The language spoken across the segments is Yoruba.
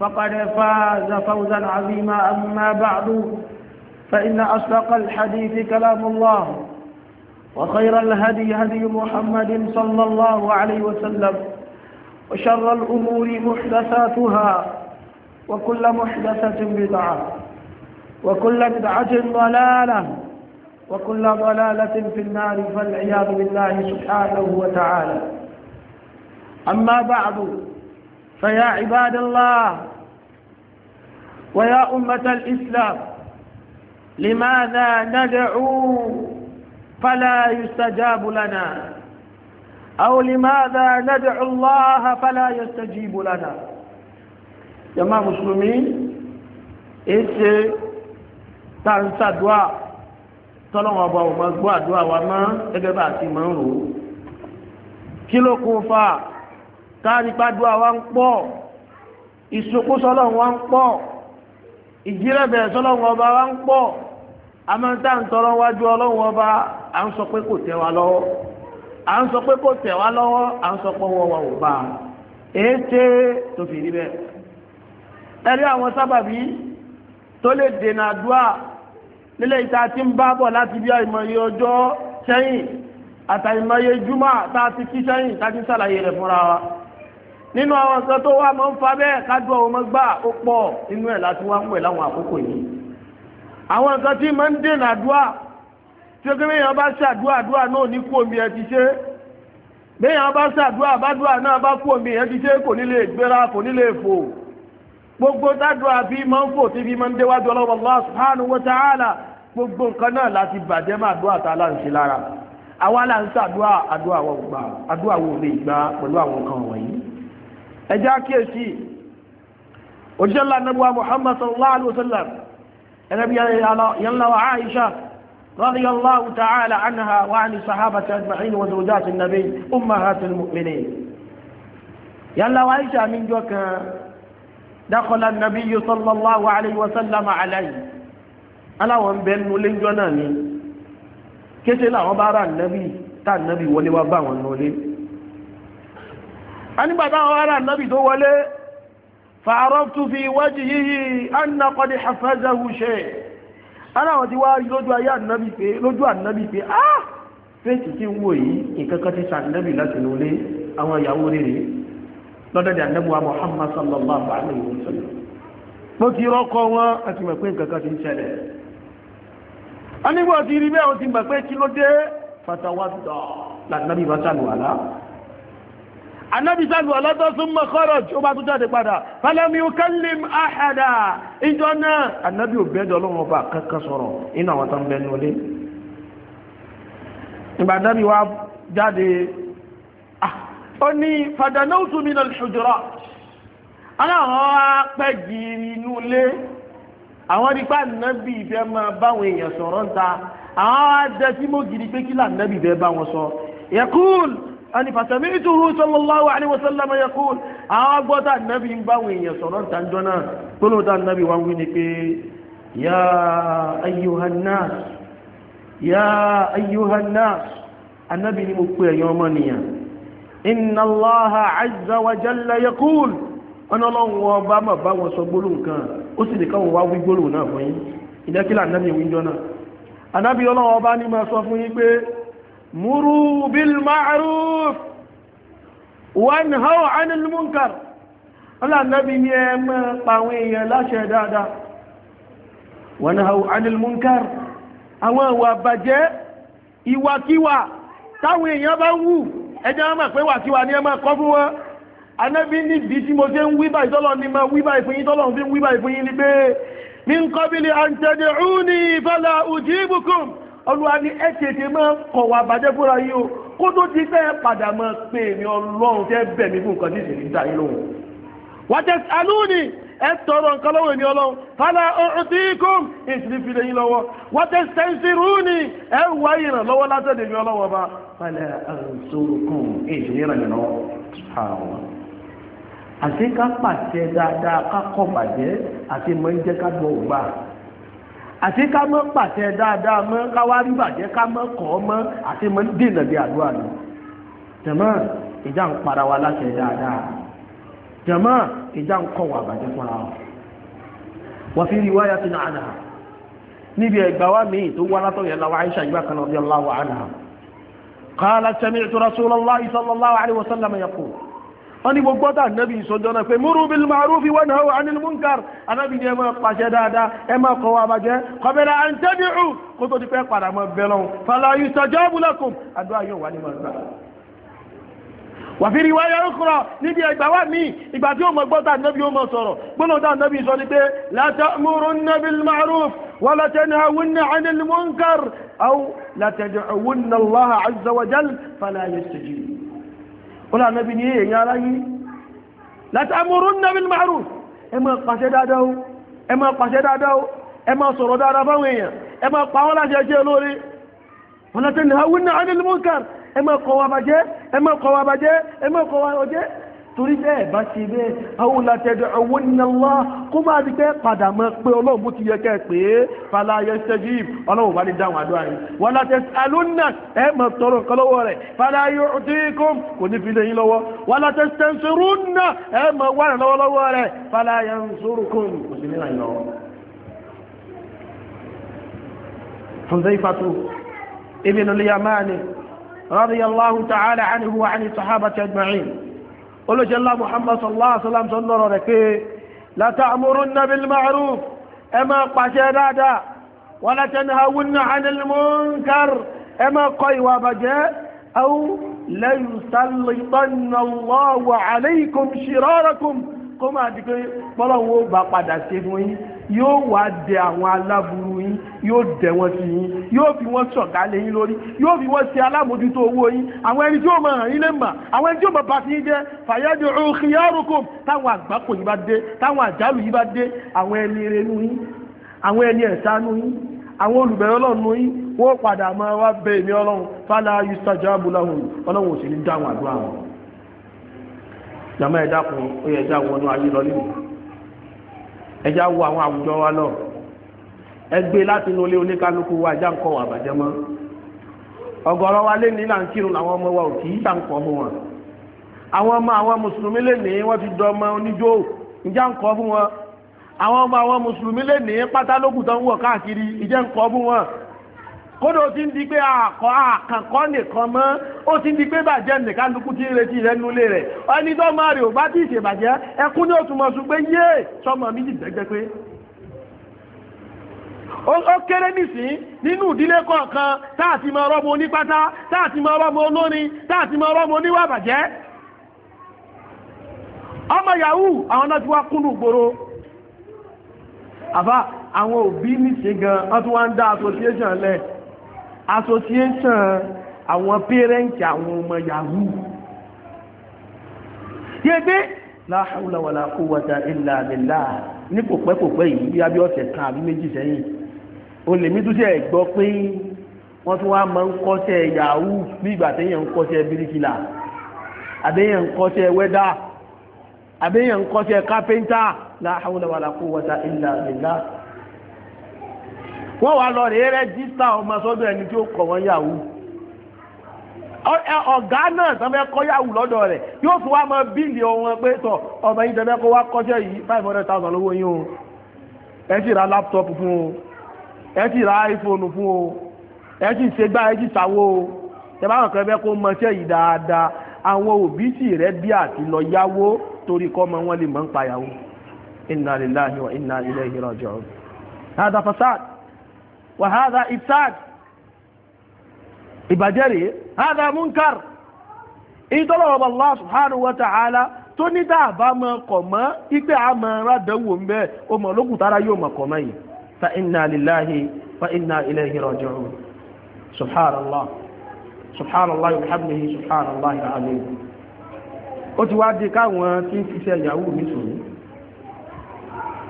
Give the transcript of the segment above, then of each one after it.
فقد فاز فوزا عظيما أما بعد فإن أصدق الحديث كلام الله وخير الهدي هدي محمد صلى الله عليه وسلم وشر الأمور محدثاتها وكل محدثة بدعة وكل بدعة ضلالة وكل ضلالة في النار فالعياذ بالله سبحانه وتعالى أما بعد فيا عباد الله ويا أمة الإسلام لماذا ندعو فلا يستجاب لنا أو لماذا ندعو الله فلا يستجيب لنا جماعة مسلمين إيش تنسى دعاء tọ́lọ́wọ́ ọba ò mọ́ gbọ́ àdúrà wa mọ́ gẹ́gẹ́ bá ti mọ́ ń rò kí ló kún fáà táàrípàdúwà wá ń pọ̀ ìsokó sọ́lọ́run wá ń pọ̀ ìjírẹ̀bẹ̀ sọ́lọ́run ọba wá ń pọ̀ amẹ́ta ń tọrọ wájú ọlọ́run ọba à ń sọ pé kò tẹ̀ wá lọ́wọ́ à ń sọ pé kò tẹ̀ wá lọ́wọ́ à ń sọ pé wọ́n wà wò bá a èé ṣe tó fi rí bẹ́ẹ̀ ẹ̀rí nílé ìta tí ń bá láti bí àìmọye ọjọ́ sẹ́yìn àtàìmọye júmọ́ tá kí sẹ́yìn tá sàlàyé rẹ̀ fúnra wa nínú àwọn nǹkan tó wà máa ń fa bẹ́ẹ̀ kájọ ọmọ gbà ó pọ̀ inú ẹ̀ láti wá ń wẹ̀ láwọn àkókò yìí àwọn nǹkan tí máa ń dènà àdúrà tí ó kí bẹ́yàn bá ṣàdúrà àdúrà náà ní kú omi ẹ ti ṣe bẹ́yàn bá ṣàdúrà àbádúrà náà bá kú omi ẹ ti ṣe kò ní gbéra kò ní fò gbogbo tádùá bí máa ń fò tí fi máa ń déwájú ọlọ́wọ́ Allah subhanahu wa ta'ala gbogbo nǹkan náà láti bàjẹ́ máa dúà tá a láǹ ṣe lára àwa là ń ṣàdúà àdúà wọn gbà àdúà ẹjẹ́ àkíyèsí òjíṣẹ́lá nàbúwa muhammad sallallahu alaihi wasallam ẹnàbí yànláwà aisha radiyallahu ta'ala anha wa ani sahabata ajma'in wa zawjati nabi ummahatul mu'minin yànláwà aisha min jọ kan dakhala an-nabiy sallallahu alaihi wasallam alayhi aláwọn bẹ nu léjọ náà ni kéṣe làwọn bá ra nàbí tá nàbí wọlé wá bá wọn nọlé a nígbàtá àwọn ará nábi tó wọlé fa'arọ́tù fi wájì yìí anna kọ́dí hafazahu ṣe ara wọn ti wá lójú ayé ànábì pé lójú ànábì pé ah fèsì tí ń wò yìí nǹkan kan ti sànábì láti lólé àwọn ìyàwó rere lọ́dọ̀dẹ̀ ànábùwà Muhammad sallallahu alaihi wa sallam mo ti rọ́kọ wọn àti mọ̀ pé nǹkan kan ti ń ṣẹlẹ̀ anábì sálù ọlọ́tọ́ summa kharaj ó bá tún jáde padà falam yukallim ahada ìjọ náà anábì ò bẹ́ẹ̀dọ̀ ọlọ́run ọba kankan sọ̀rọ̀ inú àwọn tó ń bẹ́ẹ̀ nulẹ̀ ìgbà anábì wa jáde ah, ó ní fadanawtu min al-hujurat aláwọ̀ apẹ́ gírí inú ilé àwọn nípa anábì fẹ́ máa báwọn èèyàn sọ̀rọ̀ ń ta àwọn adẹ́símọ́ gírí pé kí ani fasamituhu sallallahu alaihi wasallam yaqul àwọn gbọ́ta nàbí ń bá wèèyàn sọ̀rọ̀ tàǹjọ́ náà tó lóòtà nàbí wọn wí ni pé ya ayyuhan nas ya ayyuhan nas annabi ni mo pè ẹ̀yàn ọmọnìyàn inna allaha azza wa jalla yaqul ọ̀nà ọlọ́run wọn bá mọ̀ bá wọn sọ gbólóhùn kan ó sì lè káwọn wá wí gbólóhùn náà fún yín ìdẹ́kílà annabi wíjọ́ náà annabi ọlọ́run ọba ní máa sọ fún yín pé مروا بالمعروف وانهوا عن المنكر الله النبي ni ẹ máa pa àwọn èèyàn láṣẹ dáadáa wanahau anil munkar àwọn ìwà bàjẹ́ ìwàkíwà táwọn èèyàn bá ń wù ẹjẹ́ máa pé wàkíwà ní ẹ máa kọ́ fún wọn anábí níbi tí mo ṣe ń wíbà ìtọ́lọ̀ ní ma wíbà ìfúnyín tọ́lọ̀ fi ń wíbà ìfúnyín ni pé min qabili an tad'uni fala ujibukum olúwa ní ẹ tètè máa kọ̀ wà bàjẹ́ fúnra yìí o kó tó ti fẹ́ padà máa pè mí ọlọ́run tẹ́ bẹ̀ mí fún nǹkan tí ìṣèlú dá yín lóhùn. wàtẹ́ ni ẹ tọrọ nǹkan lọ́wọ́ èmi ọlọ́run fàlà ọ̀ọ́tìkùn ìṣèlú fi lè yín lọ́wọ́ wàtẹ́ sẹ́ńsìrúni ẹ wá ìrànlọ́wọ́ látọ̀dẹ̀ mi ọlọ́run ọba fàlà ọ̀ọ́sọ̀rọ̀kùn ìṣèlú ìrànlọ́wọ́ àti ká pàṣẹ àti ká mọ́ pàṣẹ dáadáa mọ́ káwá rí bàjẹ́ ká mọ́ kọ́ mọ́ àti mọ́ dènà bí àdúrà lọ jẹ̀mọ́ ìjà ń para wa láṣẹ dáadáa jẹ̀mọ́ ìjà ń kọ̀ wà bàjẹ́ fúnra wa wọ́n fi rí wáyà sínú àná níbi ẹgbà wa míì tó wá látọ̀ yẹn lọ́wọ́ Aisha ìgbà kan radiyallahu anha qalat sami'tu rasulallahi sallallahu alaihi wasallam yaqul ani ni ẹ máa pàṣẹ dáadáa ta nabi sọ jọna lọ́wọ́ fàlà ìṣọ́jọ́ búlọ́kùn àdúrà yóò wà ní bil ma'ruf wa nahu anil munkar anabi ni ma pa se daadaa e ma ko wa ba je ko be la antabi'u ko to di pe para mo be lowo fala yusajabu lakum adwa yo wa ni ma mo nigba wafiri waye okunrin nibi egba wa mi igba ti o mo gbo ta nabi o mo soro gbona ta nabi so ni pe lata muru bil maruf wa la ولا anil munkar aw la لا تدعون azza wa jalla fala يستجيب ó lá nẹ́bí ní èèyàn aláyé latamurunna bil ma'ruf ẹ máa pàṣẹ dáadáa o ẹ máa pàṣẹ dáadáa o ẹ máa sọ̀rọ̀ dáadáa fáwọn èèyàn ẹ máa pa wọ́n láṣẹ ṣe lórí wala tanhawna 'anil munkar ẹ máa kọ̀ bàjẹ́ ẹ máa kọ̀ bàjẹ́ ẹ máa kọ̀ ọjẹ́ torí bẹ́ẹ̀ ẹ̀ bá ṣe bẹ́ẹ̀ àwọn olàtẹ̀dẹ̀ owó nílẹ̀ wá kó máa di pé padà mọ́ pé ọlọ́run bó ti yẹ kẹ́ ẹ pé fàlàyé ṣẹ́jú yìí ọlọ́run bá lè dáhùn àdúrà yìí wọ́n látẹ̀ alónà ẹ mọ̀ tọrọ nǹkan lọ́wọ́ rẹ̀ fàlàyé ọ̀tíkùn kò ní fi lè yín lọ́wọ́ wọ́n látẹ̀ sẹ́ńsọ̀rọ̀nà ẹ mọ̀ wà lọ́wọ́lọ́wọ́ rẹ̀ fàlàyé ńsọ̀rọ̀kùn kò sí nílà yìí حذيفة ابن اليمان رضي الله تعالى عنه وعن الصحابة أجمعين olóṣèlá muhammad sallallahu alaihi wasallam sọ lọ́rọ̀ rẹ̀ pé la ta'murunna bil ma'ruf ẹ máa pàṣẹ dáadáa wala tanhawunna 'anil munkar ẹ máa kọ ìwà bàjẹ́ aw la yusallitanna Allahu 'alaykum shirarakum kó máa di pé pọ́lọ́wọ́ bá padà ṣe fún yín yóò wá dẹ àwọn aláburú yóò dẹ̀ wọ́n sí yín yóò fi wọ́n ṣọ̀gá lé yín lórí yóò fi wọ́n ṣe alámòjútó owó yín àwọn ẹni tí ó mọ ràn yín lè mà àwọn ẹni tí ó mọ bá ti yín jẹ́ fàyẹ́dì òkìyàrókò táwọn àgbákò yìí bá dé táwọn àjálù yìí bá dé àwọn ẹni erénú yín àwọn ẹni ẹ̀sánú yín àwọn olùbẹ̀rẹ̀ ọlọ́run yín wọ́n padà máa wá bẹ èmi ọlọ́run fálá yustajabu lahum ọlọ́run ò sì ní dáhùn àdúrà wọn jàmá ẹ̀dá kan ó yẹ ẹja wọnú ayé lọ nínú ẹja wo àwọn àwùjọ wa lọ ẹgbẹ́ láti inú ilé oníkálukú wa ajá ń kọ́ wà bàjẹ́ mọ́ ọ̀gọ̀rọ̀ wa lé ní làǹkìrún làwọn ọmọ wa ò kì í tà ń kọ́ fún wọn àwọn ọmọ àwọn mùsùlùmí lè ní wọ́n ti dọ ọmọ oníjó ìjà ń kọ́ fún wọn àwọn ọmọ àwọn mùsùlùmí lè ní pátálókù tó ń wọ̀ káàkiri ń kọ́ fún wọn kódà ó ti ń ti ń di pé bàjẹ́ nìkan lukú ń retí rẹ nulẹ̀ rẹ̀ ẹni tó máa rè ó kéré nìsín nínú ìdílé kọ̀ọ̀kan táàtì máa rọ́mọ onípátá táàtì máa rọ́mọ olórin táàtì máa rọ́mọ oníwà bàjẹ́ ọmọ yahoo àwọn náà ti wá kúnnù gbòòrò àbá àwọn òbí nìsín gan wọ́n tún wá ń dá association lẹ̀ association àwọn pérẹ́ǹtì àwọn ọmọ yahoo yẹ́gbẹ́ la hawla wala quwwata illa billah ní kò pẹ́ kò pẹ́ yìí bí abíọ́sẹ̀ kan àbí méjì sẹ́yìn olèmí tó ṣe gbọ́ pé wọ́n tún wá máa ń kọ́ṣẹ́ yahoo bí ìgbà téèyàn ń kọ́ṣẹ́ bíríkìlà àbẹ́yàn ń kọ́ṣẹ́ wẹ́dà àbẹ́yàn ń kọ́ṣẹ́ kápẹ́ńtà la hawla wala quwwata illa billah wọ́n wá lọ rèé rẹ́jísítà ọmọ sọ́dọ̀ ẹni tí ó kọ̀ wọ́n yahoo ọ̀gá náà tán fẹ́ kọ́ yàwù lọ́dọ̀ rẹ̀ yóò fún wa mọ bíìlì ọ̀hún pé tọ̀ ọmọ yìí tẹ́lẹ̀ kó wá kọ́ṣẹ́ yìí five hundred thousand lówó yín o ẹ sì ra láptọ́pù fún o ẹ ti ra iPhone fún o ẹ ti ṣe gbá ẹ ti ṣàwo o ẹ bá kọ̀ọ̀kan fẹ́ kó mọ iṣẹ́ yìí dáadáa àwọn òbí sì rẹ bí àti lọ yáwó torí kọ́ ọmọ wọn lè mọ̀ ń payàwó inna lillahi wa inna ilayhi raji'un hada fasad wa hada ifsad ìbàjẹ́ rèé hada munkar ìtọ́lọ̀wọ̀ Allah subhanahu wa ta'ala tó ní dáàbá mọ́ kọ̀ mọ́ ipé àmọ́ rádẹ́wò ń o ọmọ olókùtára yóò mọ̀ kọ̀ mọ́ yìí فإنا لله وإنا إليه راجعون سبحان الله سبحان الله وبحمده سبحان الله العظيم ó ti wá di káwọn tí ń fiṣẹ́ ìyàwó mi sùn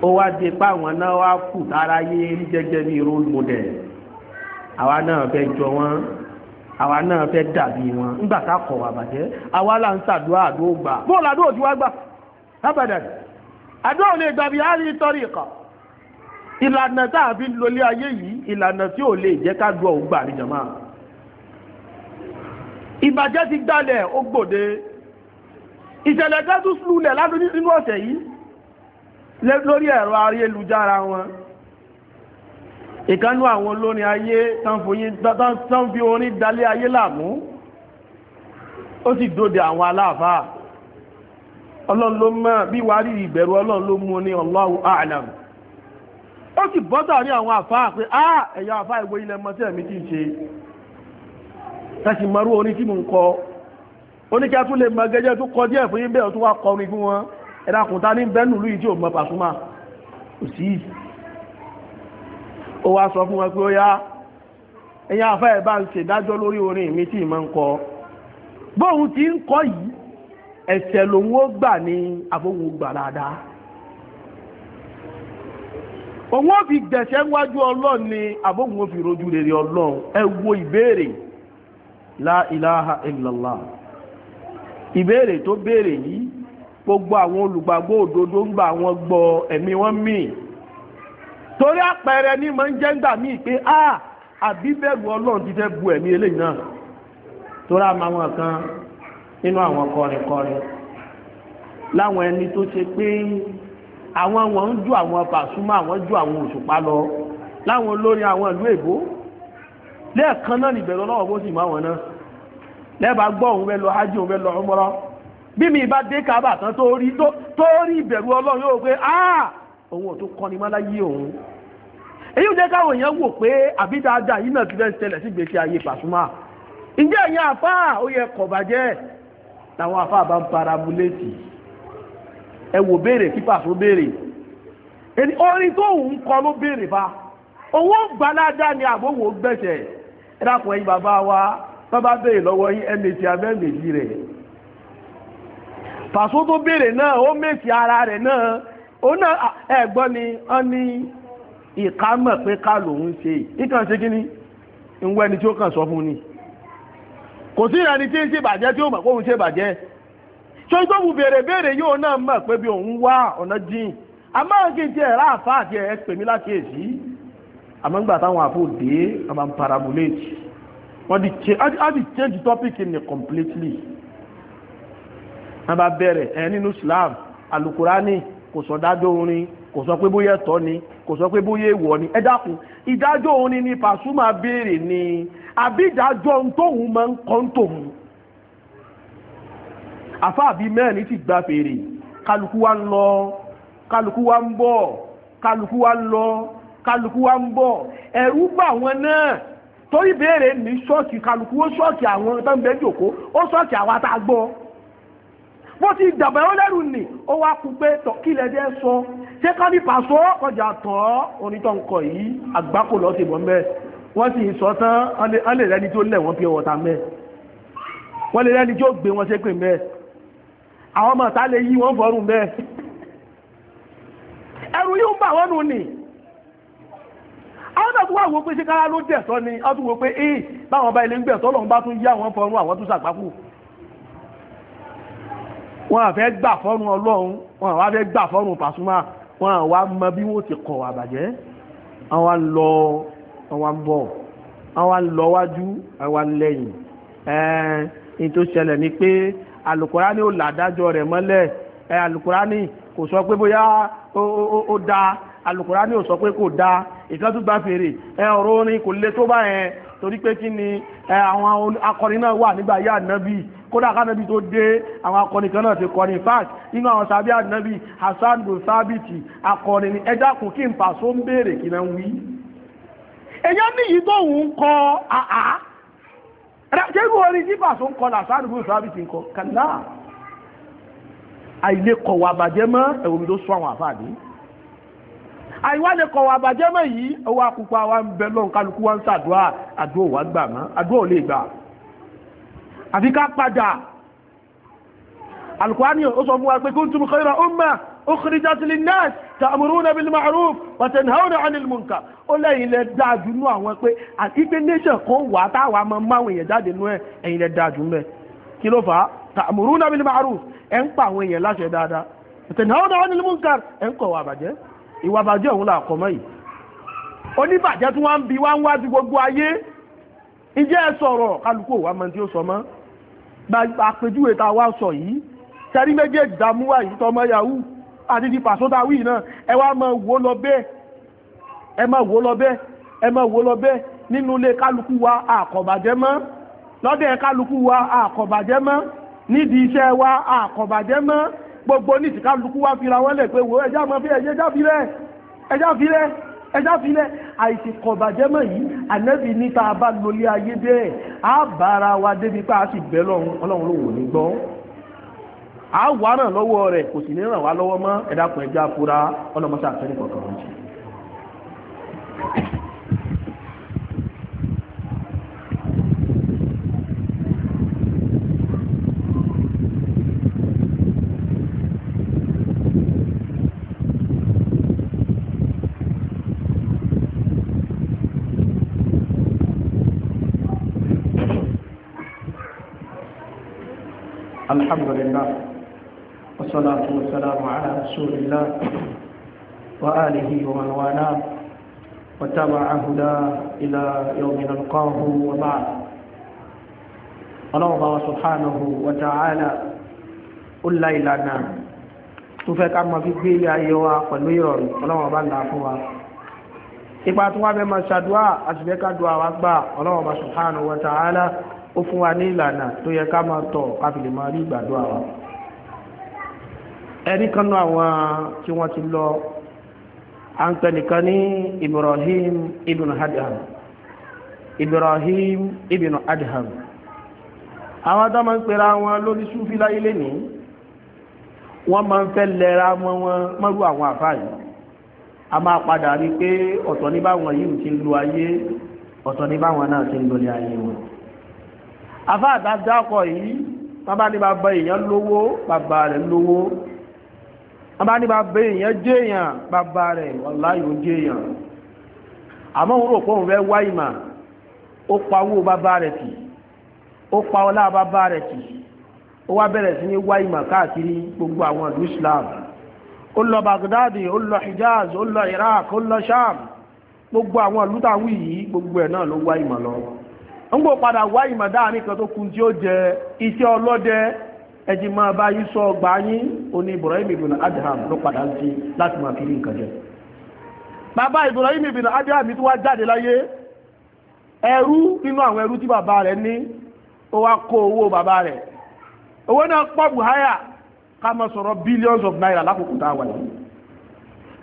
ó wá di páwọn náà wá kù tára yé rí gẹ́gẹ́ bí role model àwa náà fẹ́ jọ wọ́n àwa náà fẹ́ dàbí wọn nígbà tá kọ̀ wà bàjẹ́ àwa là ń ṣàdúrà àdó gbà bóòlù àdó wá gbà lábàdàn àdó ò lè gbà bí á ìlànà tá a fi ń lọlé ayé yìí ìlànà tí ò lè jẹ́ ká gbọ́ òun gbà rí jàmá ìbàjẹ́ ti gbálẹ̀ ó gbòde ìṣẹ̀lẹ̀ kan tún lulẹ̀ ládùn nínú ọ̀sẹ̀ yìí lórí ẹ̀rọ ayélujára wọn ìkánú àwọn olórin ayé tán fi orin dalé ayé làmú ó sì dóde àwọn aláàfáà ọlọ́run ló mọ̀ bí wàá rí ìbẹ̀rù ọlọ́run ló mú ní Allahu a'lam ó sì bọ́tà ní àwọn àfáà pé á ah, ẹ̀yà àfáà ìwé ilẹ̀ mọ́ tí ẹ̀mí ti ṣe tẹ́sì mọ́rú oní tí mò ń kọ oníkẹ́ tún lè mọ gẹ́gẹ́ tó kọ díẹ̀ fún yín bẹ́ẹ̀ tó wá kọ orin fún wọn ẹ̀dàkùnta ní bẹ́ẹ̀nù lóyìn tí ò mọ pàṣúmà kò sí ó wá sọ fún wọn pé ó yá ẹ̀yà àfáà ẹ̀ bá ń ṣèdájọ́ lórí orin mi tí ì máa ń kọ bóun ti ń kọ yìí ẹ̀ṣẹ̀ lòun ó gbà ní àbóhun gbà dáadáa òun ó fi gbẹ̀ṣẹ́ wájú ọlọ́run ni àbóhùn ó fi rojú rere ọlọ́run ẹ wo ìbéèrè la ilaha illallah ìbéèrè tó béèrè yìí gbogbo àwọn olùgbàgbọ́ òdodo ń gba àwọn gbọ́ ẹ̀mí wọn míì torí àpẹẹrẹ ní mọ̀ ń jẹ́ ń gbà míì pé a àbí bẹ̀rù ọlọ́run ti fẹ́ bu ẹ̀mí eléyìí náà torí àmọ́ àwọn kan nínú àwọn kọrinkọrin láwọn ẹni tó ṣe pé àwọn wọn ń ju àwọn pàṣúmọ́ àwọn ju àwọn òṣùpá lọ láwọn olórí àwọn ìlú èbó lẹ́ẹ̀kan náà nìbẹ̀rẹ̀ ọlọ́wọ́ bó sì mọ́ àwọn náà lẹ́ẹ̀bà gbọ́ òun fẹ́ lọ hajj òun fẹ́ lọ ọmọrọ́ bí mi bá dé kábà tán tó rí tó rí ìbẹ̀rù ọlọ́run yóò pé áà òun ò tó kọ́ni má láyé òun èyí ò jẹ́ káwọn èèyàn wò pé àbí dáadáa yìí náà ti fẹ́ ṣẹlẹ̀ sí gbèsè ayé pàṣúmà ǹjẹ́ ẹ̀yin àfáà ó yẹ kọ̀bàjẹ́ làwọn àfáà bá ń parabuléètì ẹ béèrè pípà tó béèrè ẹni orin tó ń kọ ló béèrè bá owó gbalada ni àbówò gbẹ̀sẹ̀ ẹ wa bàbá béèrè lọ́wọ́ yín ẹ̀mẹ̀tì abẹ́mẹ̀jì rẹ̀ pàṣọ tó béèrè náà ó mẹ̀tì ara rẹ̀ náà ó náà ẹ̀gbọ́n ni ọ ní ìkámọ̀ pé ká lòun ṣe ìkàn ṣe kí ni ìwọ ẹni tí ó kàn sọ fún ni kò sí ṣe tí ó mọ̀ kóhun tó ń tóbu béèrè béèrè yóò náà mọ̀ pé bí òun wá ọ̀nà jìn àmọ́ kí n tiẹ̀ rà àfa àti ẹ̀ pè mí lákèésí àmọ́ nígbà táwọn àfò dé wọ́n máa wọ́n di change how di change topic ni completely wọ́n bá bẹ̀rẹ̀ ẹ̀ nínú Islam alukurani kò sọ dájọ́ orin kò sọ pé bóyá ẹ̀tọ́ ni kò sọ pé bóyá èèwọ̀ ni ẹ dákun ìdájọ́ orin ni Pasuma béèrè ni àbí ìdájọ́ tóun máa ń kọ́ tóun àfáàbí mẹ́rin ti gba fèrè kálukú wa ń lọ kálukú wa ń bọ̀ kálukú wa ń lọ kálukú wa ń bọ̀ ẹ̀rú bà wọn náà torí béèrè ní ṣọ́ọ̀kì kálukú ó ṣọ́ọ̀kì àwọn tó ń bẹ jòkó ó ṣọ́ọ̀kì àwa tá a gbọ́ bó ti dàbọ̀ ẹ̀rọ lẹ́rù nì ó wá kú pé kí lẹ jẹ́ sọ ṣé ká pàṣọ ọjà tán onítọ̀nkọ yìí àgbákò lọ́ọ́ ti bọ̀ mẹ́ wọ́n sì sọ tán á lè rẹ́ni tó lẹ̀ wọ́n pé ọ̀tá mẹ́ wọ́n lè rẹ́ni tó gbé wọn ṣépè mẹ́ àwọn ọmọ ta lè yí wọ́n fọ́rùn bẹ́ẹ̀ ẹ̀rù yóò ń bà wọ́n nù nì àwọn náà tún wà wọ́n pé ṣé kára ló dẹ̀sọ́ ni wọ́n tún wọ́n pé ee báwọn ọba ilé ń gbẹ̀sọ́ lọ́n bá tún yí àwọn fọ́rùn àwọn tún sàgbákù wọn àfẹ́ gbà fọ́rùn ọlọ́run wọn àwọn àfẹ́ gbà fọ́rùn pàṣúmà wọn àwọn mọ bí wọ́n ti kọ̀ àbàjẹ́ àwọn lọ àwọn bọ̀ àwọn lọ wájú àwọn lẹ́yìn ẹ̀ẹ́n tó ṣẹlẹ̀ ni pé alukurani ò làdájọ́ rẹ̀ mọ́lẹ̀ ẹ alukurani kò sọ pé bóyá ó da alukurani ò sọ pé kò da ìtọ́túgba fèrè ẹ ọ̀rọ̀ orin kò le tó bá yẹn torí pé kí ni àwọn akọrin náà wà nígbà yá ànábì kódà kánábì tó dé àwọn akọrin kan náà ti kọrin fact inú àwọn sábẹ́ ànábì Hasan bin sábìtì akọrin ni ẹja kò kí n pàṣọ ń béèrè kí náà wí. èèyàn níyì tóun kọ àá ṣe irú orin jíbà tó ń kọ làṣàrùbù ìsáàbìtì ń kọ kàlá àìlè kọ̀wà àbàjẹ́ mọ́ ẹ̀wòmí tó sọ àwọn àfáàdé àìwálé kọ̀wà àbàjẹ́ mọ́ yìí owó akópa wa ń bẹ lọ́n kálukú wa ń ṣàdúrà àdúrà wa gbà mọ́ àdúrà ò lè gbà àfi ká padà Al-Qur'ani ó sọ fún wa pé kuntum khayra umma ukhrijat lin-nas ta'muruna bil ma'ruf wa tanhauna 'anil munkar ó lẹ́yìn lẹ dáàjú nú àwọn pé àtìpé ah, nation kan wà táwa máa máwọn èèyàn jáde nú ẹ ẹ̀yin lẹ dáàjú mẹ́ kí ló fà á ta'muruna bil ma'ruf ẹ̀ ń pa àwọn èèyàn láṣẹ dáadáa wa tanhauna 'anil munkar ẹ̀ ń kọ̀ wà bàjẹ́ ìwà bàjẹ́ òun là kọ́ mọ́ oníbàjẹ́ tí wọ́n ń bi wá ń wájú gbogbo ayé ìjẹ́ ẹ sọ̀rọ̀ kálukú wa mọ̀ tí ó sọ mọ́ àpèjúwe tá wá sọ yìí sẹ́rí méjèèjì dàmúwà yìí tọmọ yahoo àti ti pàṣótà wí náà ẹ wá máa wò lọ bẹ́ẹ̀ ẹ máa wò lọ bẹ́ẹ̀ ẹ máa wò lọ bẹ́ẹ̀ nínú ilé kálukú wa àkọ̀bàjẹ́ mọ́ lọ́dẹ̀ kálukú wa àkọ̀bàjẹ́ mọ́ nídìí iṣẹ́ wa àkọ̀bàjẹ́ mọ́ gbogbo ní ìsìnkálukú wa fira wọn lẹ̀ pé wò ẹjá mọ́ fi ẹjá filẹ̀ ẹjá filẹ̀ ẹjá filẹ̀ àìsí kọ̀bàjẹ́ mọ́ yìí ànẹ́bì ní tá a bá lólé ayé bẹ́ẹ̀ á bára wa débi pé a sì bẹ́ lọ́run ọlọ́run ló wò ní gbọ́n a wà náà lọ́wọ́ rẹ̀ kò sì ní ràn wá lọ́wọ́ mọ́ ẹ̀dàkùn ẹ̀já fúra ọlọ́mọsá àtẹ́rí kọ̀ọ̀kan wọn jù Alhamdulillah والصلاة والسلام على رسول الله وآله ومن والاه وتبع هداه إلى يوم نلقاه وبعد الله سبحانه وتعالى قل لا إلا نام tufẹ́ ká mọ̀ fi gbé ilé ayé wa pẹ̀lú ìrọ̀rùn ọlọ́wọ̀n bá ń là fún wa ipa tó wá bẹ́ máa ṣàdúà àṣìbẹ́ ká dùn àwa gbà ọlọ́wọ̀n bá subhanahu wa ta'ala ó fún wa ní ìlànà tó yẹ ká máa tọ̀ ká fi lè máa rí ìgbàdùn àwa ẹni kan náà àwọn tí wọ́n ti lọ à ń pẹ́ nìkan ní Ibrahim ibn Adham Ibrahim ibn Adham àwọn tó máa ń pera wọn lórí súfí láyé lénìí wọ́n máa ń fẹ́ lẹ́ra mọ́ wọn mọ́rú àwọn àfáà yìí a máa padà rí pé ọ̀tọ̀ ní báwọn yìí ti lo ayé ọ̀tọ̀ ní báwọn náà ti ń ayé wọn àfáà tá dákọ̀ yìí bàbá ní bàbá èèyàn lówó bàbá rẹ̀ lówó bá ní bàbá èèyàn jẹ́ èèyàn bàbá rẹ̀ wàláhì ó jẹ́ èèyàn àmọ́ òun rò pé òun fẹ́ wá ìmà ó pa owó bàbá rẹ̀ tì ó pa ọlá bàbá rẹ̀ tì ó wá bẹ̀rẹ̀ sí ní wá ìmà káàkiri gbogbo àwọn ìlú Islam ó lọ Baghdad ó lọ Hijaz ó lọ Iraq ó lọ Sham gbogbo àwọn ìlú táwọn yìí gbogbo ẹ̀ náà ló wá ìmà lọ ń gbọ́ padà wá ìmà dáa nìkan tó kun tí ó jẹ iṣẹ́ ọlọ́dẹ ẹjí máa bá sọ ọgbà yín oní Ibrahim ibn Adham ló padà sí láti máa fi rí nǹkan jẹ bàbá Ibrahim ibn Adham tó wá jáde láyé ẹrú nínú àwọn ẹrú tí bàbá rẹ̀ ní ó wá kó owó bàbá rẹ̀ owó náà pọ̀ buhaya ká máa sọ̀rọ̀ billions of naira lákòókò tá a wà yìí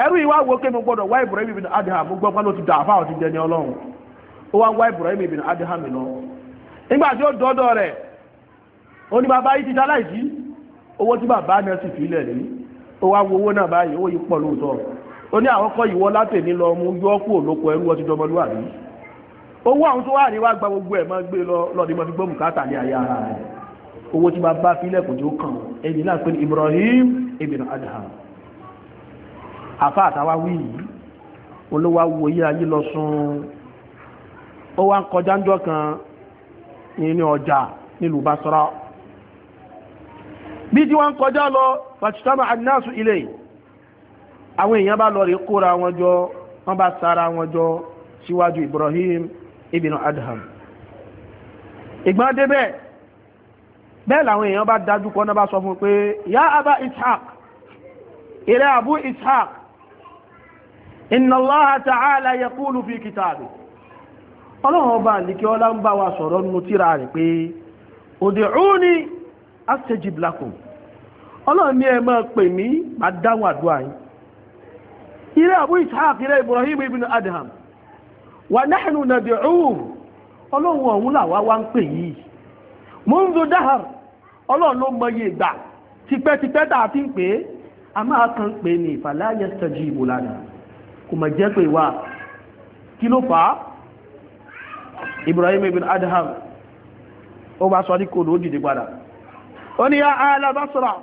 ẹrú yìí wá wo kí mo gbọ́dọ̀ wá Ibrahim ibn Adham gbọ́ pé ló ti dà fáwọn ti jẹ ní Ọlọ́run ó wá wá Ibrahim ibn ó ní bàbá yìí ti ṣaláìsí owó tí bàbá náà sì fílẹ̀ rí ó wá wo owó náà báyìí ó yí pọ̀ lóòótọ́ ó ní àwọn kọ́ ìwọ látẹ̀ní lọ mú yọ́ kú òlóko ẹrú ọtí dọmọlúwàbí owó àwọn tó wà ní wá gba gbogbo ẹ̀ máa gbé lọ lọ́dí mọ́ fi gbọ́ bùkátà ní ayé ara rẹ̀ owó tí bàbá fílẹ̀ kò tí ó kàn ẹni náà pé Ibrahim ibn Adham àfa àtàwá wí yìí olówó awo yí ayé lọ sùn ó wá ń kọjá ńjọ́ kan nínú ọjà nílùú Basra bí tí wọ́n lọ fàtútàmà àdínàṣù ilé àwọn èèyàn bá lọ rí kóra wọn jọ wọ́n bá sára wọn jọ síwájú Ibrahim ibn Adham ìgbọ́n débẹ̀ bẹ́ẹ̀ làwọn èèyàn bá dájú kọ́ náà bá sọ fún pé Ishaq ìrẹ́ Abu Ishaq ta'ala fi ọlọ́run ọlá ń bá wa sọ̀rọ̀ nínú tíra rẹ̀ pé astajib lakum ọlọ́run ní ẹ pè mí máa dáhùn àdúrà yín ilé Ibrahim ibn Adham wa nahnu nad'uuhu ọlọ́run ọ̀hún làwa wá ń pè yìí mundu dahar ọlọ́run ló mọye ìgbà tipẹ́tipẹ́ tá a fi ń pè é a máa kàn pè ní kò mọ̀ jẹ́ Ibrahim Adham ó bá sọ ní kò ló dìde padà Oni ya yá ahla Basra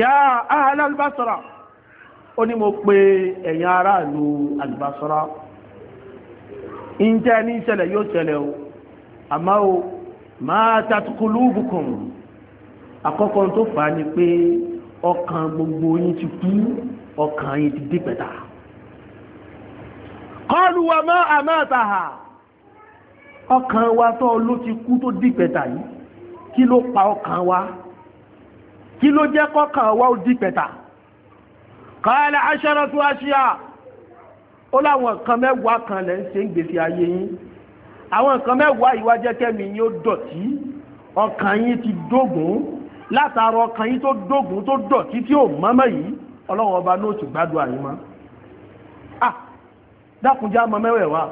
yá ahla Basra ó ní mo pe ẹ̀yin aráàlú al-Basra ìjẹ́ ní ìṣẹ̀lẹ̀ yóò ṣẹlẹ̀ o àmọ́ o máa tatkulubukum àkọ́kọ́ tó fà á ni pé ọkàn gbogbo yín ti kú ọkàn yín ti dé kọlu wa máa àmọ́ àtàhà ọkàn wa tó ló ti kú tó dé yìí kí ló pa ọkàn wa kí ló jẹ́ kọ́kàn wa ó di pẹ̀tà qala asharatu ashiya ó láwọn nǹkan mẹ́wàá kan lẹ́ ń ṣe ń gbèsè ayé yín àwọn nǹkan mẹ́wàá yìí wá jẹ́ kẹ́mi yín ó dọ̀tí ọkàn yín ti dógùn látara ọkàn yín tó dógùn tó dọ̀tí tí ò mọ́mọ́ yìí ọlọ́run ọba náà ti gbádùn àyín mọ́ ah dákunjẹ́ àmọ́ mẹ́wẹ̀ẹ́wà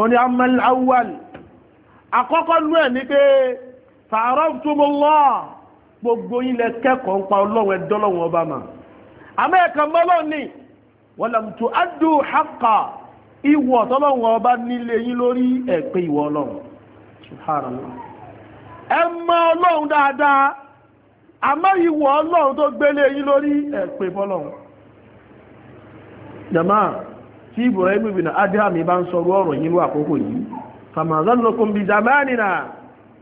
ó ní amal awwal àkọ́kọ́ nú ẹ̀ ní pé fàárọ̀tùmùlọ́ gbogbo ilẹ̀ kẹ́kọ̀ọ́ ń pa ọlọ́run ẹ̀dọ́lọ́run ọba mà amẹ́ẹ̀kà ìwọ̀ tọ́lọ́run ọba nílé yín lórí ẹ̀pẹ́ ìwọ̀ ọlọ́run subhanallah ẹ mọ ọlọ́run dáadáa àmọ́ ìwọ̀ ọlọ́run tó gbélé yín lórí ẹ̀pẹ́ fọlọ́run jama tí ibrahim bin adham bá ń sọ yín lọ àkókò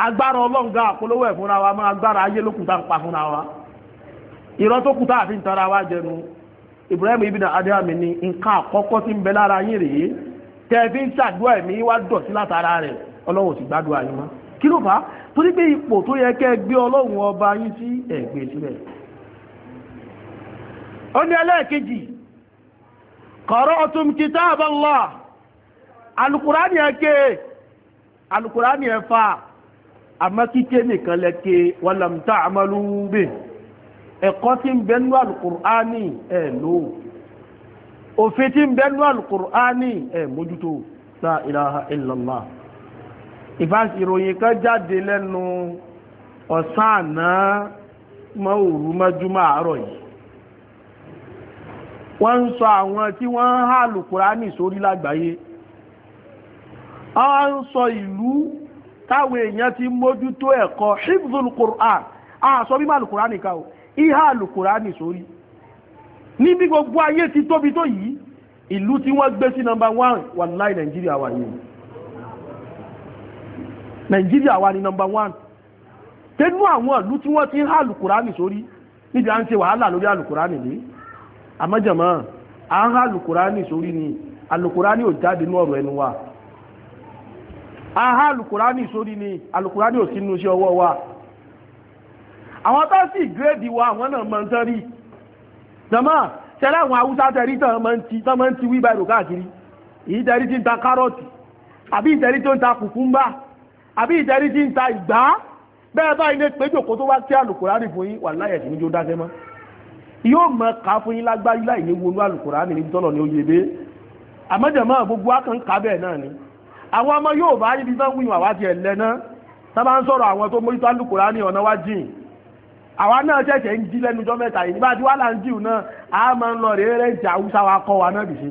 agbára ọlọ́ǹgá àpolówó ẹ̀ wa máa agbára ayé lókun ń pa fúnra wa ìran tó tara wa jẹnu Ibrahim ibn adéhàmì ni nǹkan àkọ́kọ́ tí ń bẹ lára yín rèé tẹ́ ń ṣàdúrà ẹ̀mí wá dọ̀tí látara rẹ̀ ọlọ́run sì gbádùn àyín mọ́ kí ló fà á torí pé ipò tó yẹ kẹ́ gbé ọlọ́run ọba yín sí ẹ̀gbẹ́ e sílẹ̀ ó ní ẹlẹ́ẹ̀kejì ẹ ẹ fà àmọ́ kíké nìkan lẹ́kẹ́ walam ta'malu bih ẹ̀kọ́ tí ń bẹnu alukur'ani ẹ̀ lò òfin tí ń bẹnu alukur'ani ẹ̀ mójútó la ilaha illallah ìfàsí ìròyìn kan jáde lẹ́nu ọ̀sán àná mọ́ òru mọ́júmọ́ àárọ̀ yìí wọ́n ń sọ àwọn tí wọ́n ń há alukur'ani sórí lágbàáyé wọ́n ń sọ ìlú táwọn èèyàn ti tó ẹ̀kọ́ hifzul quran àṣọ bí ma quran o ihe àlù sórí níbi gbogbo ayé ti tóbi tó yìí ìlú tí wọ́n gbé sí nọmba wán wàláì nàìjíríà wà yìí nàìjíríà wà ní nọmba wán tẹnu àwọn ìlú tí wọ́n ti ń há àlù sórí níbi à ń ṣe wàhálà lórí ni ò jáde ní aha alukurani sórí ni alukurani ò sí inú iṣẹ́ ọwọ́ wa àwọn tó sì gírèdì wa àwọn náà máa ń tán rí jọmọ́ tẹ́lẹ̀ àwọn haúsá tẹ̀rí tán máa ń ti wí báyìí káàkiri ìyí tẹ̀rí tí ń ta kárọ̀tì àbí ìtẹ̀rí tó ń ta kùkúmbà àbí ìtẹ̀rí tí ń ta ìgbá bẹ́ẹ̀ báyìí ní pé jòkó tó wá kí alukurani fún yín wà láyẹ̀ sí ní jó mọ́ yóò mọ ká fún yín lágbáyé láì ní wọnú alukurani níbi tọ́lọ̀ ní oyè dé àmọ́jọ̀mọ́ gbogbo akànkábẹ̀ náà ni àwọn ọmọ yóò bá níbi tán wíwọ̀n àwá ti ẹ̀lẹ́ náà tán bá ń sọ̀rọ̀ àwọn tó mójútó alùkùrá ní ọ̀nà wá jìn àwa náà ṣẹ̀ṣẹ̀ ń jí lẹ́nujọ́ mẹ́ta yìí nígbà tí wà là ń jìw náà a máa ń lọ rèé rẹ̀ jẹ́ haúsá wa kọ́ wa náà bìṣe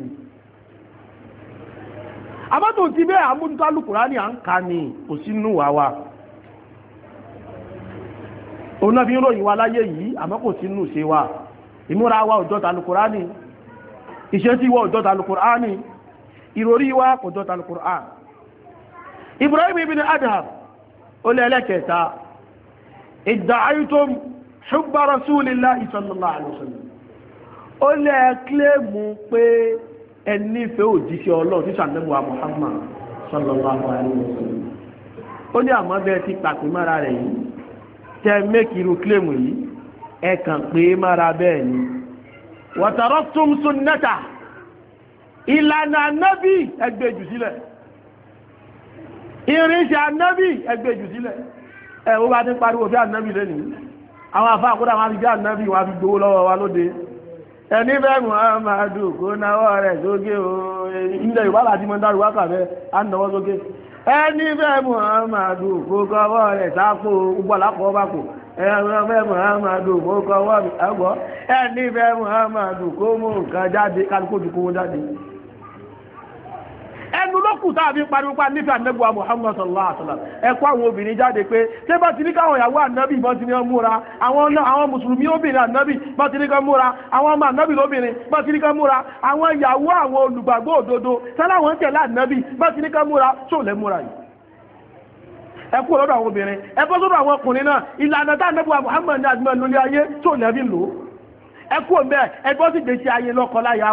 àbátò ti bẹ́ẹ̀ àmójútó alùkùrá ní à ń kà ní kò sínú wa wa òun náà fi ń ròyìn wa láyé yìí àmọ́ kò sínú ṣe wa ìmúra wa òjọ́ta alùkùrá ní ìṣesí wa òjọ́ta alùkùrá ní ìròrí wa kò jọ́ta alùkùrá ní ibrahim ibn adham ó lé ẹlẹ́kẹta ìdáyítóm hubba rasulillahi sallallahu alaihi wasallam ó lé ẹkílẹ́mù pé ẹnífẹ́ òjíṣẹ́ ọlọ́run tí sàndẹ́bùwà muhammad sallallahu alaihi wasallam ó ní àmọ́ bẹ́ẹ̀ ti pàpè mára rẹ̀ yìí tẹ́ mẹ́kìrú kílẹ̀mù yìí ẹ kàn pé mára bẹ́ẹ̀ ni wa taraktum sunnata ìlànà nábì ẹgbẹ́ jù sílẹ̀ iri si ẹgbẹ́ jù sílẹ̀ ẹ̀ bá ti pariwo sí anábì lẹ́nu àwọn afá àkúdà wọn fi bí anábì wọn fi gbowó lọ́wọ́ wa lóde ẹni bẹ́ẹ̀ Muhammadu kó náwó rẹ̀ sókè o ilẹ̀ Yorùbá láti mọ dárúwá kàfẹ́ á náwó sókè ẹni bẹ́ẹ̀ Muhammadu kó kọ́wọ́ rẹ̀ sápò lápò kò ẹni bẹ́ẹ̀ Muhammadu kó ẹnu lókù tàbí pariwopa nífẹ̀ẹ́ ànẹ́gbà Muhammad sallallahu alaihi wasallam ẹkọ́ àwọn obìnrin jáde pé ṣé bá ti ní káwọn ìyàwó ànábì bá ti ní wọn múra àwọn mùsùlùmí obìnrin ànábì bá ti ní kan múra àwọn ọmọ ànábì lóbìnrin bá ti ní kan múra àwọn ìyàwó àwọn olùgbàgbọ́ òdodo tẹ̀lé bá ti ní múra lẹ́ múra yìí lọ́dọ̀ àwọn obìnrin sọ́dọ̀ àwọn ọkùnrin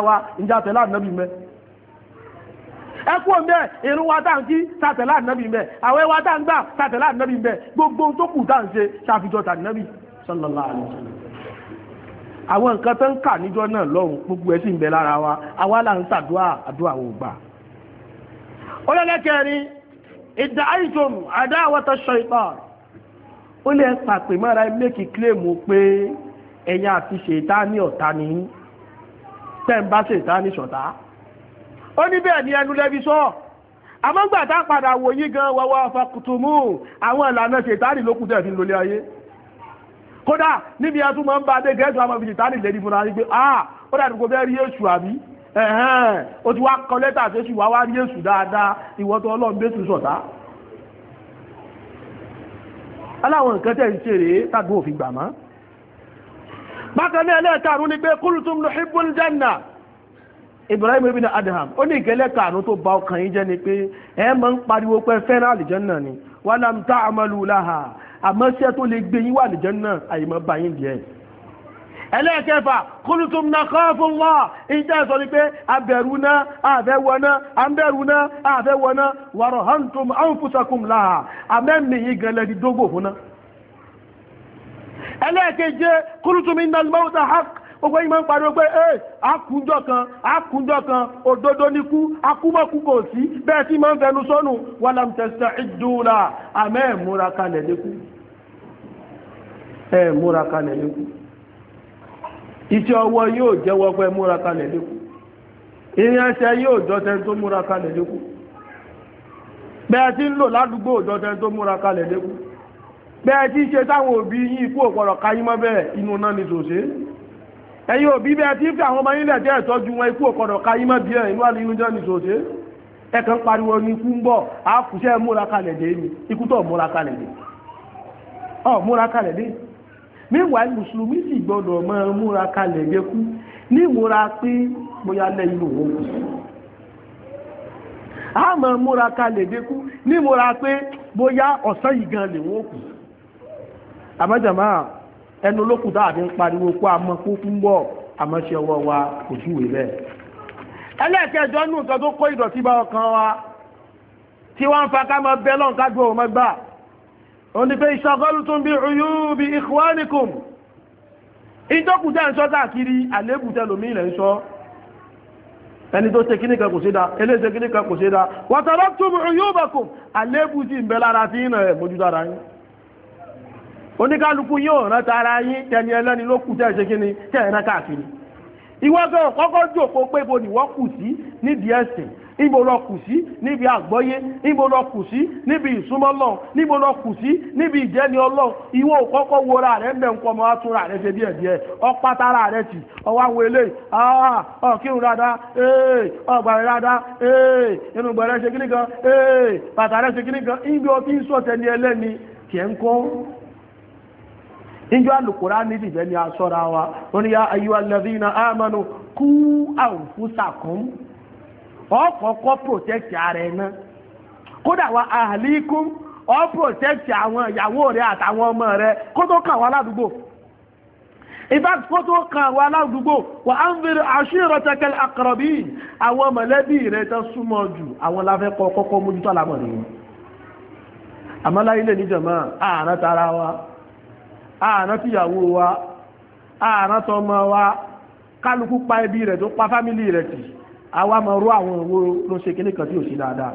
wa ìjà tẹ̀lé ẹkú òun bẹ́ẹ̀ irun wa tá à ń kí sàtẹ̀lá ànábì ń bẹ àwẹ̀ wa tá à ń gbà sàtẹ̀lá ànábì ń bẹ gbogbo tó kù tá à ń ṣe ṣàfijọ́ tànábì sallallahu alaihi wasallam àwọn nǹkan tó ń kà níjọ́ náà lọ́hùn gbogbo ẹ̀ sì ń bẹ lára wa àwa là ń ṣàdúà àdúà wò gbà. ọlọ́lẹ́kẹ̀rin ìdá àìsàn àdá àwọ̀tọ̀ ṣaitan ó lè pàpè mọ́ra méjì kílèmù pé ẹ̀yin àti ṣètá ní ọ̀tá ni tẹ́ ń bá ṣètá ní ṣọ̀tá ó ní bẹ́ẹ̀ ni ẹnu lẹ́bi sọ àmọ́gbà tá padà wò yí gan wọ́wọ́ fakutumu àwọn ìlànà ṣètánì ló kù tẹ̀ fi lólé ayé kódà níbi ẹtú máa ń ba dé gẹ́gẹ́ àwọn ìfìṣẹ̀ tánì lẹ́ni fúnra yí pé ah ó dàbí kò fẹ́ rí èṣù àbí ẹ̀hẹ́n ó ti wá kọ lẹ́tà tó sì wá wá rí èṣù dáadáa ìwọ́ tó ọlọ́run bẹ́sù sọ̀tá aláwọn nǹkan tẹ̀ ń ṣe rèé tàbí òfin gbà mọ́ bákan ní ẹlẹ́ẹ̀karùn-ún ni pé kúlùtùm Ibrahim ibn Adham ó ní ìkẹlẹ́ kàánú tó ba ọkàn yín jẹ́ ni pé ẹ máa ń pariwo pé fẹ́ràn àlìjẹ́nà ni walam ta'malu laha àmọ́ iṣẹ́ tó lè gbé yín wà àlìjẹ́nà àyèmọ́ bá yín díẹ̀. ẹlẹ́ẹ̀kẹfà kúlùtùm náà kọ́ fún wa ìjẹ́ sọ ni pé abẹ̀rù náà àfẹ́ wọná àbẹ̀rù náà àfẹ́ wọná wàrọ̀ hantum anfusakum laha àmẹ́mì yìí gẹlẹ́ di dógò fún náà. ẹlẹ́ẹ̀keje kúlùtùm innal mawta gbogbo yìí máa ń pariwo pé ẹ àkúnjọ kan àkúnjọ kan òdodo níkú akúmọ̀kú kò sí bẹ́ẹ̀ tí máa ń fẹnu sọ́nù wàlám tẹ̀sán ìdúrà àmẹ́ ẹ̀ múra kalẹ̀ níkú ẹ̀ múra kalẹ̀ níkú iṣẹ́ ọwọ́ yóò jẹ́wọ́ pé múra kalẹ̀ níkú ìrìnàṣẹ́ yóò jọ́tẹ́ tó múra kalẹ̀ níkú bẹ́ẹ̀ tí ń lò ládùúgbò jọ́tẹ́ tó múra kalẹ̀ níkú bẹ́ẹ̀ tí ṣe táwọn òbí yìí kú ọ̀pọ̀lọ̀ káyímọ́ bẹ́ẹ̀ inú náà ni tòṣe ẹ̀yin òbí bẹ́ẹ̀ tí ń fi àwọn ọmọ yín lẹ̀ jẹ́ ìtọ́jú wọn ikú ọ̀kọ̀dọ̀ ka yín mọ́ bí ẹ̀ inú àlejò jẹ́ nìṣòṣe pariwo ní ikú ń bọ̀ á kùsẹ́ múra kalẹ̀ dé mi ikú tó múra kalẹ̀ dé ọ múra kalẹ̀ dé mùsùlùmí sì múra kalẹ̀ dé kú pé bóyá lẹ́yìn kù á múra kalẹ̀ dé kú pé bóyá ọ̀sán yìí gan ẹnu olókùn táà fi ń pariwo kó àmọ́ kó fún bọ̀ àmọ́ ṣe ọwọ́ wa kò júwe bẹ́ẹ̀. ẹlẹ́ẹ̀kẹjọ nù nǹkan tó kó ìdọ̀tí bá ọkàn wa tí wọ́n ń fa ká máa bẹ́ lọ́n ká gbọ́ ọmọ gbà ó ní pé ìṣàgọ́lù tún bí uyúbi ikhwanikum ìjọkùn tẹ́ ń sọ káàkiri àlébù tẹ́ lómi ilẹ̀ ń ẹni tó ṣe kíní kan kò ṣe dá eléyìí ṣe kíní kan kò ṣe dá wàtàlọ́tùmù uyúbakum àlébù ti ń bẹ lára tí ń oníkálukú yóò rántí ara yín tẹni ẹlẹ́ni ló kù tẹ́ ṣe kí ni tẹ́ káàkiri ìwọ gan kọ́kọ́ jòkó pé ibo nìwọ kù sí nídìí ẹ̀sìn níbo lọ kù sí níbi àgbọ́yé níbo lọ kù sí níbi ìsúnmọ́ níbo lọ kù sí níbi ìjẹni ìwọ kọ́kọ́ rẹ ọmọ rẹ ṣe díẹ̀ díẹ̀ ee dáadáa ee ee bàtà rẹ ṣe ibi ọtí níjọ́ alukora dìjẹ́ ni a sọ́ra wa wọ́n ya ayyuhallazina amanu kú anfusakum ọkọ̀ọ̀kọ́ protect ara náà kódà wa ahlikum ọ protect àwọn ìyàwó rẹ àtàwọn ọmọ rẹ kó tó kàn wá ládùúgbò ìbáàkì fótó kan àwọn ile tara wa ààrán tíyàwó wa ààrán tọmọ wa kálukú pa ẹbí rẹ̀ tó pa fámílì rẹ̀ tì àwa mọ̀ rú àwọn òwò ló ṣe kíní kan tí ò sí dáadáa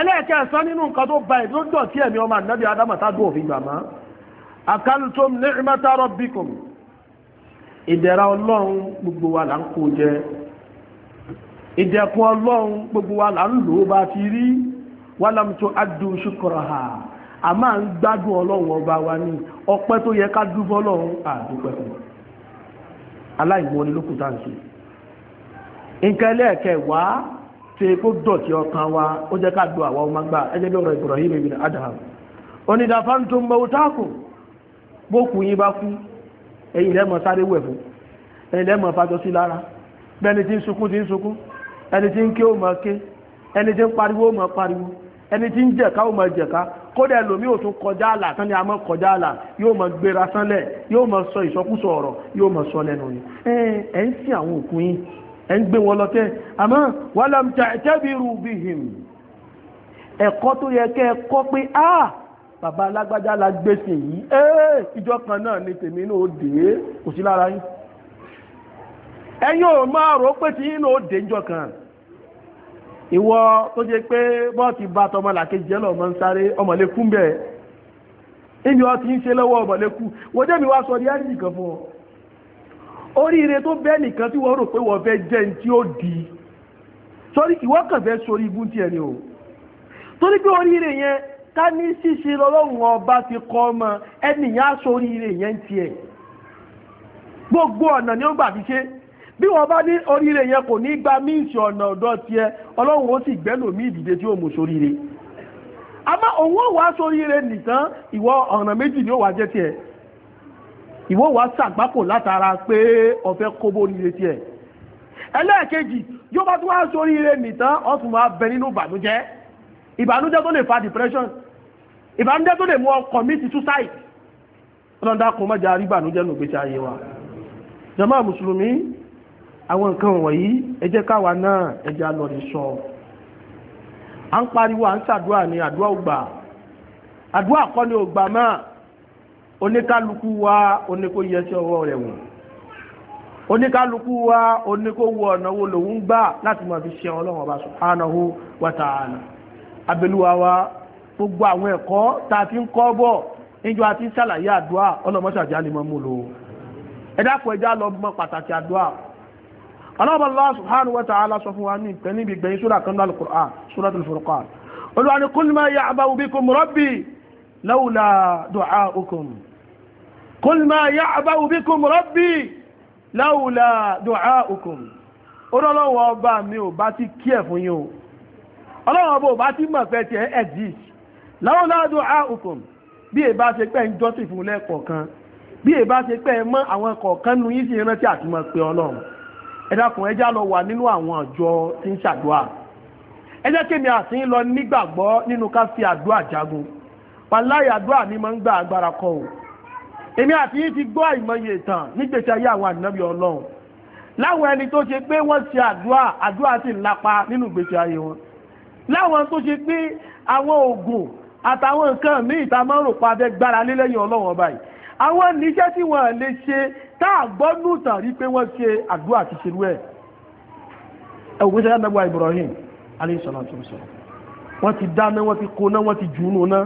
ẹlẹ́ẹ̀kẹ́ẹ̀sán nínú nǹkan tó ba ìlú dọ̀tí ẹ̀mí ọmọ ànábì adámọ̀tádùn òfin gbàmọ́ akaltum ni'mata rabbikum ìdẹ̀ra ọlọ́run gbogbo wa là ń kó jẹ ìdẹ̀kùn ọlọ́run gbogbo wa là ń lò ó bá ti rí walam tu'addu shukraha a máa ń gbádùn ọlọ́run ọba wa ní ọpẹ́ tó yẹ ká dúró ọlọ́run àdúpẹ́ fún aláìmọ́ ni lókùn ń ṣe nǹkan ẹlẹ́ẹ̀kẹwàá ṣe kó dọ̀tí ọkàn wa ó jẹ́ ká àwa ọmọ gbà bí ọ̀rọ̀ Ibrahim ibn Adham onídàáfáńtò mọ́tàkùn bókùn yín bá kú ẹ̀yin lẹ́mọ̀ sáré wẹ̀ fún ẹ̀yin lẹ́mọ̀ fàjọ sí lára tí ń sunkún tí ń sunkún ẹni tí ń ké ó ké ẹni kódà ẹlòmí ò tún kọjá àlà tán ni a mọ́ kọjá àlà yóò mọ gbéra sánlẹ̀ mọ sọ ìsọkúsọ ọ̀rọ̀ yóò mọ sọ lẹ́nu ni ẹ̀ ń sí àwọn òkú yín ẹ̀ ń gbé wọn lọ àmọ́ bihim ẹ̀kọ́ tó yẹ kẹ́ ẹ kọ́ pé a bàbá alágbájá la gbèsè yìí ìjọ kan náà ni tèmi náà dé kò sí lára yín ìwọ tó jẹ́ pé bọ́ọ̀tì bá tọmọ làkejì jẹ́ lọ́mọ ń sáré ọmọlékú bẹ́ẹ̀ níbi ọtí ń ṣe lọ́wọ́ ọmọlékú wọ́n jẹ́ mi wá sọ díẹ̀ nìkan fún ọ oríire tó bẹ́ẹ̀ nìkan tí wọ́n rò pé wọ́n fẹ́ jẹ́ tí ó di sórí ìwọ kàn fẹ́ sórí ibú tiẹ̀ ni o torí pé oríire yẹn ká ní ṣíṣe lọ́lọ́run ọba ti kọ́ ọmọ ẹnìyàn sórí ire yẹn tiẹ̀ gbogbo ọ̀nà ni ó gbà fi ṣe bí wọ́n bá ní oríire yẹn kò ní gba míìsì ọ̀nà ọ̀dọ́ tiẹ̀ ọlọ́run ó sì gbẹ́lòmí ìdìde tí ó mú soríire àmọ́ òun ó wá soríire nìkan ìwọ ọ̀nà méjì ni ó wá jẹ́ tiẹ̀ ìwọ wá ṣàgbákò látara pé ọ̀fẹ́ kóbó oríire tiẹ̀ ẹlẹ́ẹ̀kejì yóò bá tún wá soríire nìkan ọ̀tún wá bẹ nínú ìbànújẹ́ ìbànújẹ́ tó lè fa depression ìbànújẹ́ tó lè mú ọ commit suicide ọlọ́dà kò mọ́jà rí ìbànújẹ́ nù gbèsè ayé wa jàmáà mùsùlùmí àwọn nǹkan wọ̀nyí ẹ jẹ́ káwa náà ẹ jẹ́ á lọ lè sọ à ń pariwo à ń ṣàdúrà ní àdúrà ògbà àdúrà kọ́ ni ògbà máa oníkálukú wa oníkó yẹsẹ̀ ọwọ́ rẹ̀ wò oníkálukú wa oníkó wọ ọ̀nà wo lòun gbà láti máa fi ṣe ọlọ́run ọba subhanahu wa ta'ala abẹ́lúwa wa gbogbo àwọn ẹ̀kọ́ tá a fi ń kọ́ bọ̀ níjọ́ àti ṣàlàyé àdúrà ọlọ́mọṣàjà ni mo mú lò ó ẹ lọ mọ pàtàkì àdúrà ọlọ́ọ̀bọ̀ Allah subhanahu wa ta'ala sọ fún wa ní ìtẹ́ níbi ìgbẹ̀yìn súra kan náà al-Qur'an Suratul Furqan olúwa ni qul ma ya'ba'u bikum rabbi lawla du'a'ukum qul ma ya'ba'u bikum rabbi lawla du'a'ukum olóòwò ọba mi bá ti kí fún yín o ọlọ́wọ́ ti pẹ́ mọ́ àwọn kọ̀ọ̀kan nu yín sì rántí pé ọlọ́run ẹ dákun ẹ já lọ wà nínú àwọn àjọ tí ń ṣàdúà ẹ jẹ́ kémi àti ń lọ nígbàgbọ́ nínú ká fi àdúà jagun pàláyà àdúà mi máa ń gba agbára kọ o èmi àti yín ti gbọ́ àìmọye ìtàn nígbèsí ayé àwọn ànábì ọlọ́run láwọn ẹni tó ṣe pé wọ́n ṣe àdúà àdúà sì ń lapa nínú ìgbésí ayé wọn láwọn tó ṣe pé àwọn oògùn àtàwọn nǹkan míì tá a máa ń rò pa abẹ́ gbára lé ọlọ́run ọba yìí àwọn níṣẹ́ tí wọ́n lè ṣe táà gbọ́nú tàrí pé wọ́n ṣe àdúrà ti ṣerú ẹ̀ ẹ̀wọ̀n ṣe dágbà Ibrahim aléṣọ́lọ́tọ́sọ́ wọ́n ti dáná wọ́n ti kóná wọ́n ti jù ú náà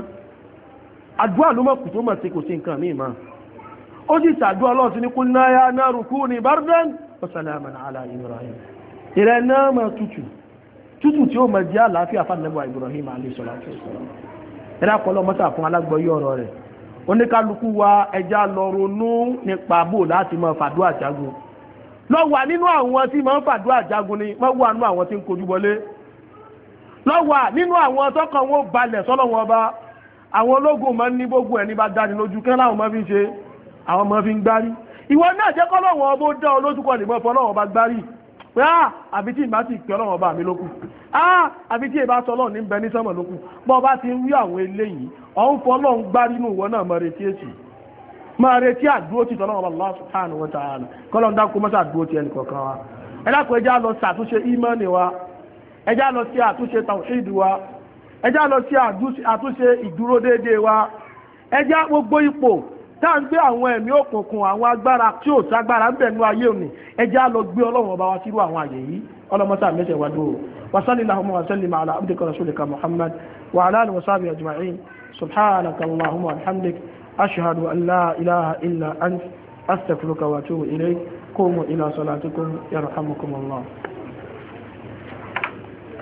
àdúrà ló mọ̀kù tó mọ̀ sí kò sí nǹkan míì máa ó sì ṣàdúrà lọ́ọ̀ sí ní kú náà náà ní àlà Ibrahim ìrẹ́ náà mọ̀ tútù tútù tí oníkálukú wa ẹja lọ ronú nípa bò láti máa fàdúrà jagun lọ nínú àwọn tí máa ń fàdúrà ni wọ́n wà nínú àwọn tí ń kojú wọlé lọ wà nínú àwọn tọkàn wọn balẹ̀ sọ́lọ́wọ́n ọba àwọn ológun máa ń ní gbogbo ẹ̀ ní bá dáni lójú kí láwọn máa fi ń ṣe àwọn máa fi ń gbárí ìwọ náà jẹ́ kọ́lọ́wọ́n ọba ó dá ọ lójú kan nìgbọ́n fọlọ́wọ́n ọba gbárí pé á àbí tí ìbá ti pẹ́ ọlọ́run ọba mi lókù á àbí tí ìbá sọlọ́run ní bẹ ní sọ́mọ̀ lókù bọ́ ọba ti ń rí àwọn eléyìí ọ̀hún fọlọ́n gbárí inú ìwọ náà máa retí èsì máa retí àdúró tí tọ́lọ́wọ́ Allah subhanahu wa ta'ala kọ́lọ́n dákú mọ́sá àdúró ti ẹnì kọ̀ọ̀kan wa ẹ dákun ẹjá lọ wa ẹjá lọ sí àtúnṣe tàwùsíìdì wa wa gbogbo ipò tá à ń gbé àwọn ẹ̀mí òkùnkùn àwọn agbára tí ò ságbára ń bẹ̀ nú ayé òní lọ gbé ọlọ́run ọba wa sírú àwọn àyè yìí سبحانك اللهم وبحمدك أشهد أن لا إله إلا أنت أستغفرك وأتوب إليك قوموا إلى صلاتكم يرحمكم الله